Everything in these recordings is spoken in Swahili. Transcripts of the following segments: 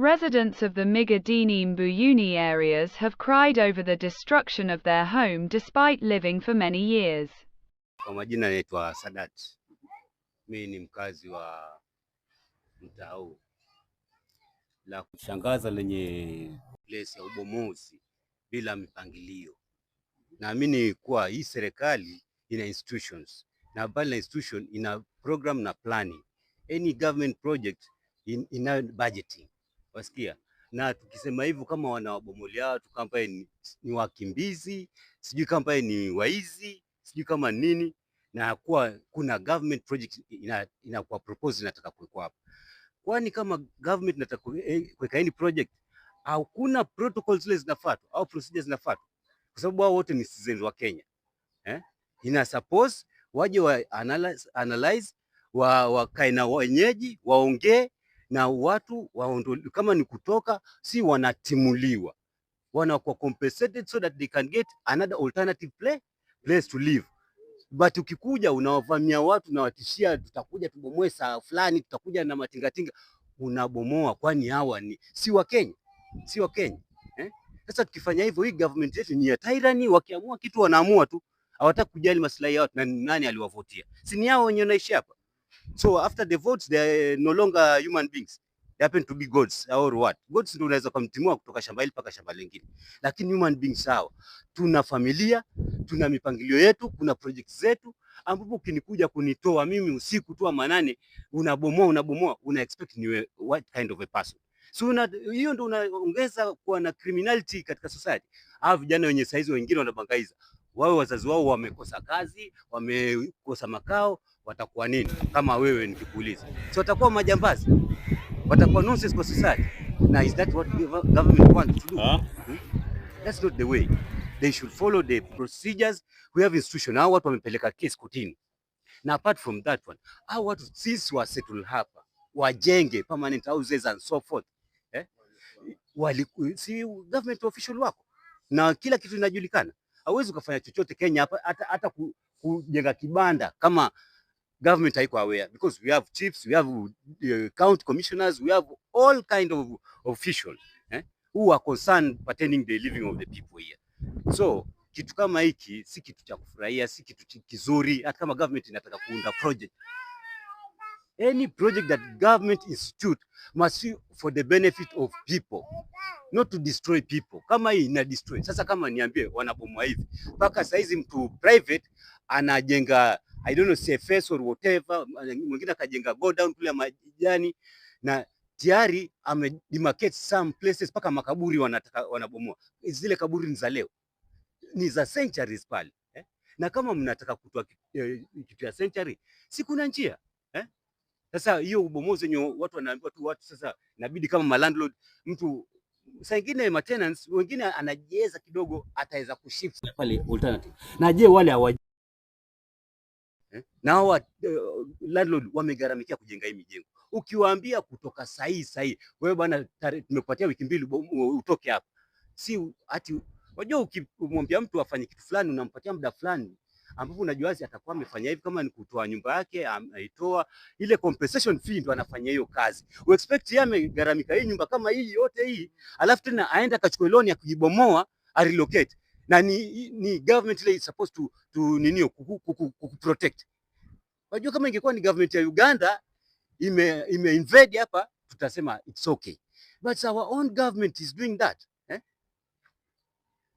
Residents of the Migadinim Buyuni areas have cried over the destruction of their home despite living for many years. Kwa majina anaitwa Sadat. Mimi ni mkazi wa mtaa La kushangaza lenye place ya ubomozi bila mipangilio. Naamini kuwa hii serikali ina institutions na bali na institution ina program na planning. Any government project in, ina budgeting wasikia? Na tukisema hivyo kama wanawabomolia watu, kama ni, ni wakimbizi, sijui kama ni waizi, sijui kama nini, na kuwa kuna government project ina, ina kwa propose inataka kuwekwa hapa. Kwani kama government inataka eh, kuweka any project, au kuna protocols zile zinafuatwa au procedures zinafuatwa? Kwa sababu hao wote ni citizens wa Kenya eh? Ina suppose waje wa analyze, analyze wa wakae na wenyeji waongee na watu waondolewe, kama ni kutoka, si wanatimuliwa, wanakuwa compensated so that they can get another alternative play, place to live. But ukikuja unawavamia watu na watishia, tutakuja tubomoe saa fulani, tutakuja na matingatinga, unabomoa. Kwani hawa ni si wa Kenya? Si wa Kenya eh? Sasa tukifanya hivyo, hii government yetu ni ya tyranny. Wakiamua kitu wanaamua tu, hawataka kujali maslahi ya watu. Na nani aliwavutia? Si ni hao wenye wanaishi hapa? So after the votes they are eh, no longer human beings. They happen to be gods or what? Gods ndio unaweza kumtimua kutoka shamba hili mpaka shamba lingine. Lakini human beings hao, tuna familia, tuna mipangilio yetu, kuna projects zetu ambapo ukinikuja kunitoa mimi usiku tu manane, unabomoa unabomoa, una expect ni what kind of a person? So una, hiyo ndio unaongeza kuwa na criminality katika society. Hawa vijana wenye saizi wengine wanabangaiza, wao wazazi wao wamekosa kazi, wamekosa makao watakuwa nini? Kama wewe nikikuuliza, so watakuwa majambazi, watakuwa nonsense kwa society. na is that what government want to do? Huh? Hmm? That's not the way. They should follow the procedures we have institution. Hao watu wamepeleka kesi kotini, na apart from that one, hao watu sisi wa settle hapa, wajenge permanent houses and so forth eh? Wali, si government official wako na kila kitu inajulikana, hauwezi ukafanya chochote Kenya hapa hata kujenga kibanda kama government haiko aware because we have chiefs, we have uh, county commissioners, we have all kind of official eh, who are concerned pertaining the living of the people here. So kitu kama hiki si kitu cha kufurahia, si kitu kizuri, hata kama government inataka kuunda project. Any project that government institute must be for the benefit of people, not to destroy people. Kama hii ina destroy sasa, kama niambie, wanabomoa hivi mpaka saizi mtu private anajenga I don't know CFS or whatever. Mwingine akajenga go down kule majani na tayari amedemarcate some places paka makaburi wanataka wanabomoa. Zile kaburi ni za leo, ni za centuries pale eh? Na kama mnataka kutoa eh, kitu ya century, si kuna njia eh? Sasa hiyo ubomozi wenye watu wanaambiwa tu watu, sasa inabidi kama landlord mtu saa ingine maintenance wengine anajeza kidogo, ataweza kushift pale alternative. Na je wale hawa Eh? na hawa uh, landlord wamegharamikia kujenga hii mijengo. Ukiwaambia kutoka sahihi sahihi, wewe bwana, tumepatia wiki mbili utoke hapa, si ati unajua, ukimwambia mtu afanye kitu fulani, unampatia muda fulani ambapo unajua atakuwa amefanya hivi, kama ni kutoa nyumba yake aitoa ile compensation fee, ndo anafanya hiyo kazi. We expect yeye amegharamika hii nyumba kama hii yote hii, alafu tena aenda akachukua loan ya kujibomoa, arelocate na ni, ni government ile supposed to, to nini ku protect. Unajua kama ingekuwa ni government ya Uganda ime, ime invade hapa tutasema it's okay. But our own government is doing that. Eh?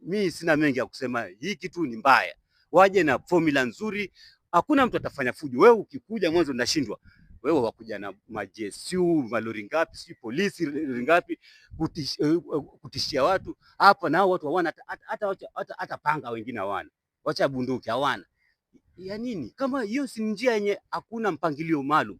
Mi sina mengi ya kusema, hii kitu ni mbaya. Waje na formula nzuri, hakuna mtu atafanya fujo. Wewe ukikuja mwanzo unashindwa wewe wakuja na majesu malori ngapi, si polisi lori ngapi eh, eh, kutishia watu hapa, nao watu hawana hata panga, wengine hawana, wacha bunduki hawana ya nini? Kama hiyo si njia yenye hakuna mpangilio maalum.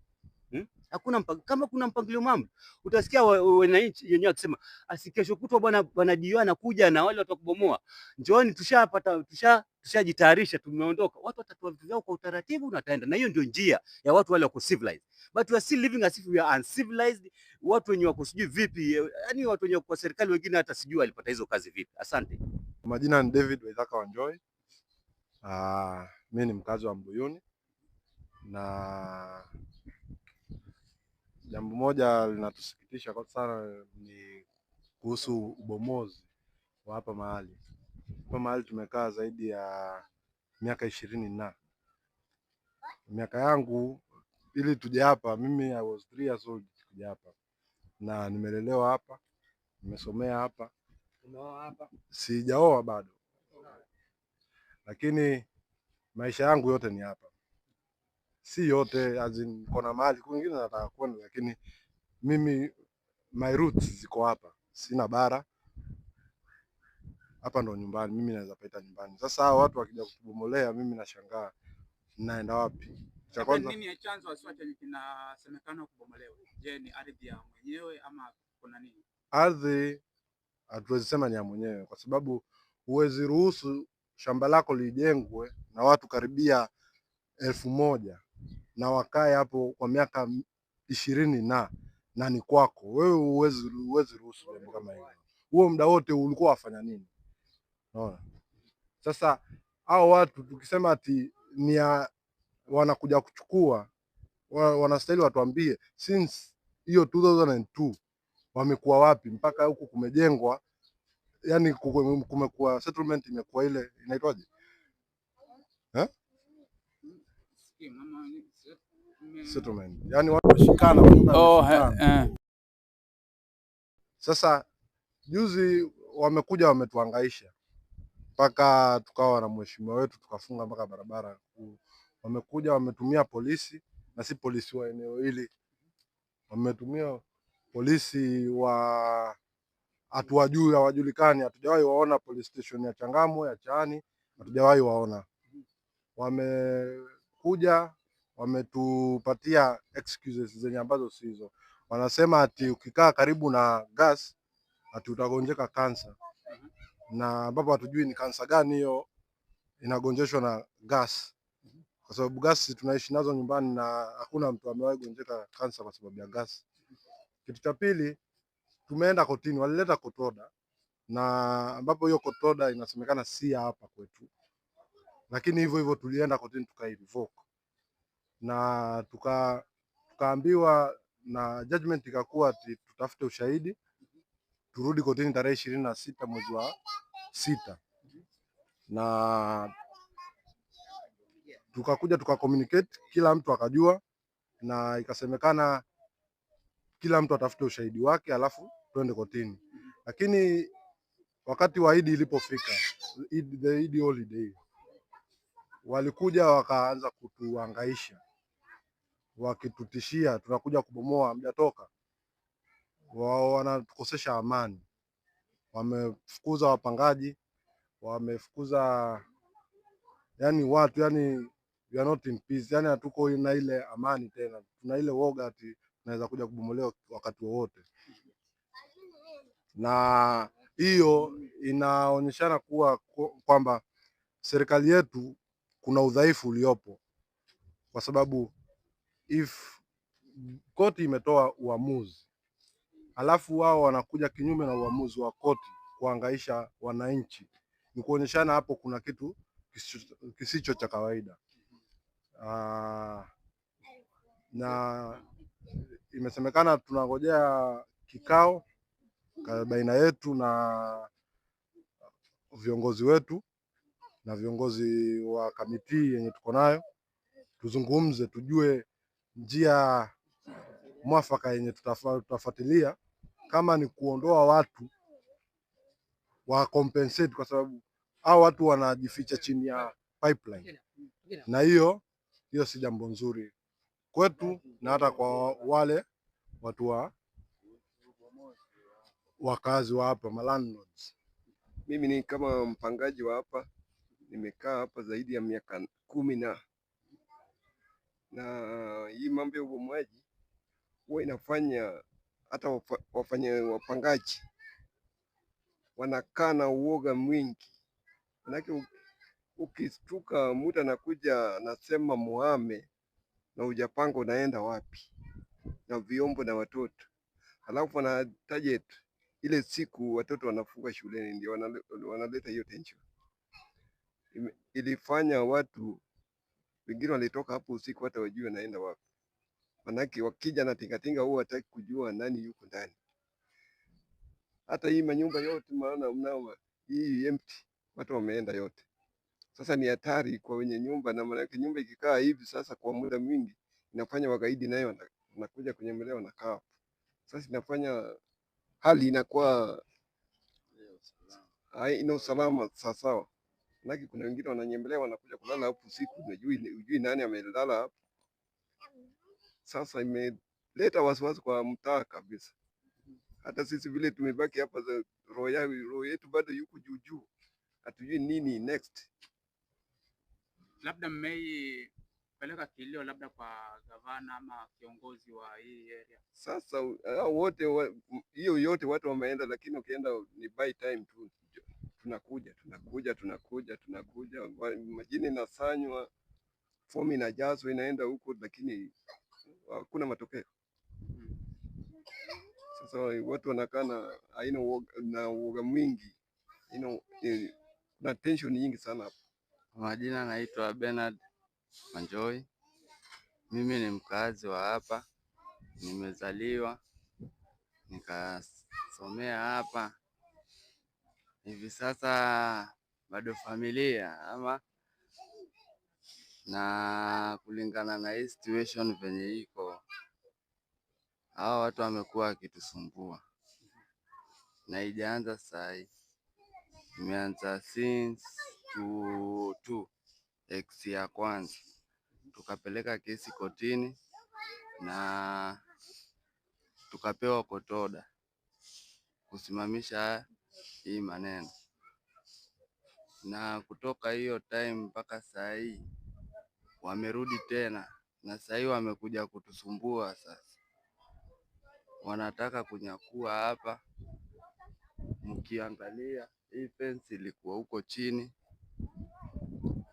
Hakuna mpangilio. Kama kuna mpangilio mambo, utasikia wananchi wenyewe wakisema asikesho ah, kutwa bwana bwana Dio anakuja na wale watakubomoa. Njooni tushapata tusha tushajitayarisha tusha, tumeondoka. Watu watatoa vitu vyao kwa utaratibu na wataenda. Na hiyo ndio njia ya watu wale wako civilized. But we are still living as if we are uncivilized. Watu wenye wako sijui vipi, yani watu wenye kwa serikali wengine hata sijui walipata hizo kazi vipi. Asante. Majina ni David Waithaka Wanjoy. Ah, mimi ni mkazi wa Mbuyuni na Jambo moja linatusikitisha kwa sana ni kuhusu ubomozi wa hapa mahali. Hapa mahali tumekaa zaidi ya miaka ishirini na miaka yangu ili tuje hapa, mimi I was three years old kuja hapa, na nimelelewa hapa, nimesomea hapa, sijaoa bado, lakini maisha yangu yote ni hapa si yote, as in kona mahali kwingine nataka kwenda, lakini mimi my roots ziko hapa, sina bara hapa ndo nyumbani, mimi naweza paita nyumbani. Sasa hao watu wakija kutubomolea, mimi nashangaa naenda wapi? Cha kwanza nini chanzo wasiwacha kinasemekana kubomolewa? Je, ni ardhi ya mwenyewe ama kuna nini? Ardhi hatuwezi sema ni ya mwenyewe, kwa sababu huwezi ruhusu shamba lako lijengwe na watu karibia elfu moja na wakae hapo kwa miaka ishirini na na ni kwako wewe, uwezi uwezi ruhusu jambo kama hilo. Huo muda wote ulikuwa wafanya nini? Unaona, sasa hao watu tukisema ati ni wanakuja kuchukua wanastahili watuambie since hiyo 2002 wamekuwa wapi mpaka huku kumejengwa, yani kumekuwa settlement imekuwa ile inaitwaje eh? settlement. Yani watu washikana oh, eh, eh. Sasa juzi wamekuja wametuangaisha mpaka tukawa na mheshimiwa wetu tukafunga mpaka barabara kuu. Wamekuja wametumia polisi na si polisi wa eneo hili, wametumia polisi wa hatuwajui, hawajulikani, hatujawahi waona police station ya Changamwe ya Chaani, hatujawahi waona. Wamekuja wametupatia excuses zenye ambazo sizo. Wanasema ati ukikaa karibu na gas ati utagonjeka kansa, mhm. na ambapo hatujui ni kansa gani hiyo inagonjeshwa na gas, kwa sababu gas tunaishi nazo nyumbani na hakuna mtu amewahi gonjeka kansa kwa sababu ya gas. Kitu cha pili, tumeenda kotini, walileta kotoda na ambapo hiyo kotoda inasemekana si hapa kwetu, lakini hivyo hivyo tulienda kotini tukairevoke na tuka, tukaambiwa na judgment ikakuwa tutafute ushahidi turudi kotini tarehe ishirini na sita mwezi wa sita na tukakuja tuka communicate, kila mtu akajua, na ikasemekana kila mtu atafute ushahidi wake alafu twende kotini. Lakini wakati wa Idi ilipofika, the Idi holiday, walikuja wakaanza kutuangaisha wakitutishia tunakuja kubomoa, mjatoka, wao wanatukosesha amani. Wamefukuza wapangaji, wamefukuza yani watu yani we are not in peace, yani hatuko na ile amani tena, tuna ile woga ati tunaweza kuja kubomolewa wakati wowote, na hiyo inaonyeshana kuwa kwamba serikali yetu kuna udhaifu uliopo, kwa sababu if koti imetoa uamuzi alafu wao wanakuja kinyume na uamuzi wa koti kuangaisha wananchi, ni kuonyeshana hapo kuna kitu kisicho, cha kawaida. Aa, ah, na imesemekana tunangojea kikao baina yetu na viongozi wetu na viongozi wa kamiti yenye tuko nayo, tuzungumze tujue njia mwafaka yenye tutafuatilia kama ni kuondoa watu wa compensate, kwa sababu hao watu wanajificha chini ya pipeline, na hiyo hiyo si jambo nzuri kwetu na hata kwa wale watu wa wakazi wa hapa malandlords. Mimi ni kama mpangaji wa hapa, nimekaa hapa zaidi ya miaka kumi na na hii mambo ya ubomoaji huwa inafanya hata wafanya wapangaji wanakaa na uoga mwingi, manake ukistuka muda anakuja anasema muhame na ujapanga unaenda wapi na vyombo na watoto, alafu wana target ile siku watoto wanafunga shuleni, ndio wanaleta hiyo tension. Ilifanya watu wengine walitoka hapo usiku hata wajui wanaenda wapi. Manake wakija na tingatinga huwa hataki kujua nani yuko ndani. Hata hii manyumba yote maana mnao hii empty, watu wameenda yote. Sasa ni hatari kwa wenye nyumba, na maanake nyumba ikikaa hivi sasa kwa muda mwingi inafanya wagaidi nayo wanakuja kwenye mlea wanakaa Sasa inafanya hali inakuwa ina usalama sawasawa. Maana kuna wengine wananyembelea wanakuja kulala hapo usiku, unajui nani amelala hapo. Sasa imeleta wasiwasi kwa mtaa kabisa. Hata sisi vile tumebaki hapa, roho yetu bado yuko juu juu, hatujui nini next. Labda mmei peleka kilio labda kwa gavana ama kiongozi wa hii area. Sasa wote hiyo yote watu wameenda, lakini ukienda ni by time tu tunakuja tunakuja tunakuja tunakuja, majina inasanywa, fomu inajazwa, inaenda huko, lakini hakuna matokeo. Sasa watu wanakana aina na uoga mwingi, kuna e, tension nyingi sana hapo. Majina naitwa Bernard Manjoy, mimi ni mkazi wa hapa, nimezaliwa nikasomea hapa hivi sasa bado familia ama, na kulingana na hii situation venye iko, hawa watu wamekuwa wakitusumbua na ijaanza saa hii, imeanza since tu ex ya kwanza, tukapeleka kesi kotini na tukapewa kotoda kusimamisha hii maneno, na kutoka hiyo time mpaka saa hii wamerudi tena, na saa hii wamekuja kutusumbua sasa, wanataka kunyakua hapa. Mkiangalia hii fence ilikuwa huko chini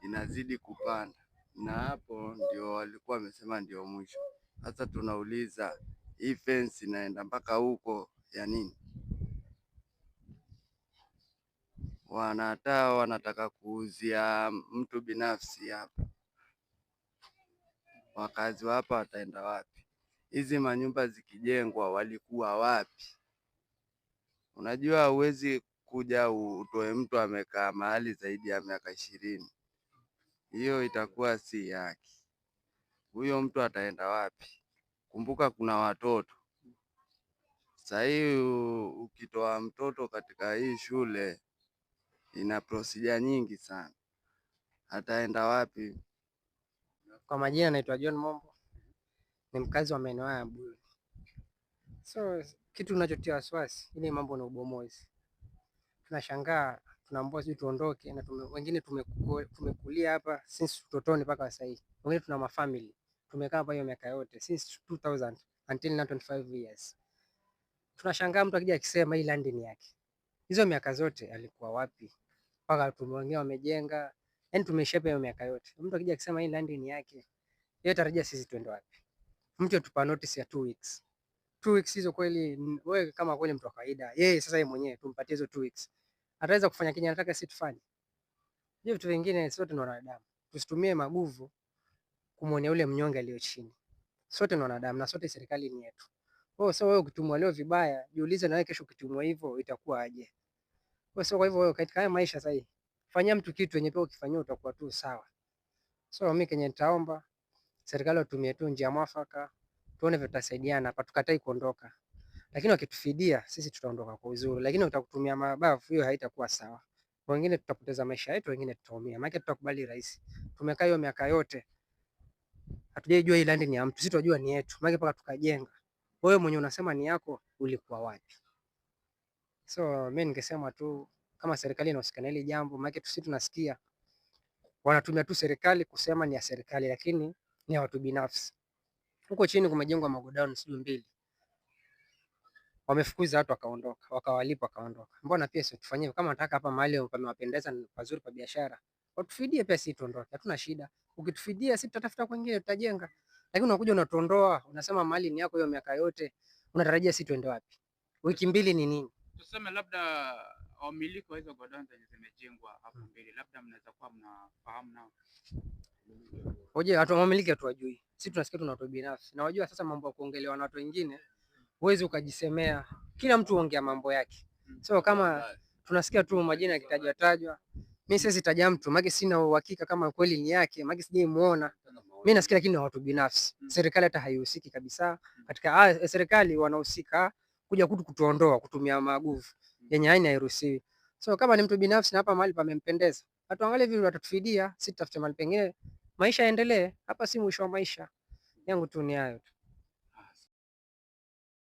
inazidi kupanda, na hapo ndio walikuwa wamesema ndio mwisho. Sasa tunauliza hii fence inaenda mpaka huko ya nini? wanataa wanataka kuuzia mtu binafsi hapa. Wakazi wa hapa wataenda wapi? Hizi manyumba zikijengwa walikuwa wapi? Unajua huwezi kuja utoe mtu amekaa mahali zaidi ya miaka ishirini, hiyo itakuwa si haki. Huyo mtu ataenda wapi? Kumbuka kuna watoto sahii. Ukitoa mtoto katika hii shule ina procedure nyingi sana, ataenda wapi. Kwa majina naitwa John Mombo, ni mkazi wa maeneo haya Buyuni. So kitu unachotia wasiwasi ile mambo na ubomozi, tunashangaa tunaambiwa sisi tuondoke, na tume, wengine tumekulia hapa since utotoni mpaka sasa hivi, wengine tuna mafamili tumekaa hapa hiyo miaka yote since 2000 until now 25 years. Tunashangaa mtu akija akisema hii land ni yake, hizo miaka zote alikuwa wapi? mpaka watu wengine wamejenga, yani tumeshepa hiyo miaka yote. Mtu akija akisema hii land ni yake, yeye tarajia sisi twende wapi? Mtu atupa notice ya 2 weeks. 2 weeks hizo kweli, wewe kama kweli mtu wa kawaida, yeye sasa yeye mwenyewe tumpatie hizo 2 weeks, ataweza kufanya kinyi anataka sisi tufanye? Hiyo vitu vingine sote ni wanadamu, tusitumie maguvu kumwonea yule mnyonge aliyo chini. Sote ni wanadamu na sote serikali ni yetu. Oh, so wewe ukitumwa leo vibaya, jiulize na wewe kesho ukitumwa hivyo itakuwa aje? Kwa sio kwa hivyo wewe katika haya maisha sasa hivi. Fanyia mtu kitu yenye pia ukifanyia utakuwa tu sawa. So mimi kenye nitaomba serikali watumie tu njia mwafaka, tuone vile tutasaidiana hapa, tukatai kuondoka. Lakini wakitufidia sisi tutaondoka kwa uzuri, lakini utakutumia mabavu, hiyo haitakuwa sawa. Wengine tutapoteza maisha yetu, wengine tutaumia. Maana tutakubali rais. Tumekaa hiyo miaka yote. Hatujajua hii land ni ya mtu, sisi tunajua ni yetu. Maana mpaka tukajenga. Wewe mwenye unasema ni yako ulikuwa wapi? So mi ningesema tu kama serikali inahusika na hili jambo, maana sisi tunasikia wanatumia tu serikali kusema ni ya serikali, lakini ni ya watu binafsi. Huko chini kumejengwa magodown sijui mbili, wamefukuza watu wakaondoka, wakawalipa wakaondoka. Mbona pia sio tufanyie kama nataka hapa mahali pamewapendeza pazuri pa biashara, watufidie pia sisi tuondoke, hatuna shida. Ukitufidia sisi tutatafuta kwingine, tutajenga. Lakini unakuja unatuondoa, unasema mali ni yako hiyo miaka yote, unatarajia sisi tuende wapi? Wiki mbili ni nini? tuseme labda wamiliki wa hizo godown zenye zimejengwa hapo hmm. mbele, labda mnaweza kuwa mnafahamu nao. Oje, watu wamiliki hatuwajui, sisi tunasikia tuna watu binafsi na wajua. Sasa mambo ya kuongelewa na watu wengine, huwezi ukajisemea, kila mtu huongea mambo yake. Hmm. So kama tunasikia tu majina yakitajwa tajwa, mimi siwezi taja mtu, maana sina uhakika kama kweli ni yake, maana muona. mimi nasikia, lakini na watu binafsi. Hmm. Serikali hata haihusiki kabisa katika ah, serikali, wanahusika kuja kutu kutuondoa kutumia maguvu mm. yenye aina iruhusiwi. So kama ni mtu binafsi na hapa mahali pamempendeza, atuangalie vile atatufidia, si tutafute mahali pengine, maisha yaendelee. Hapa si mwisho wa maisha. Yangu tu ni hayo tu.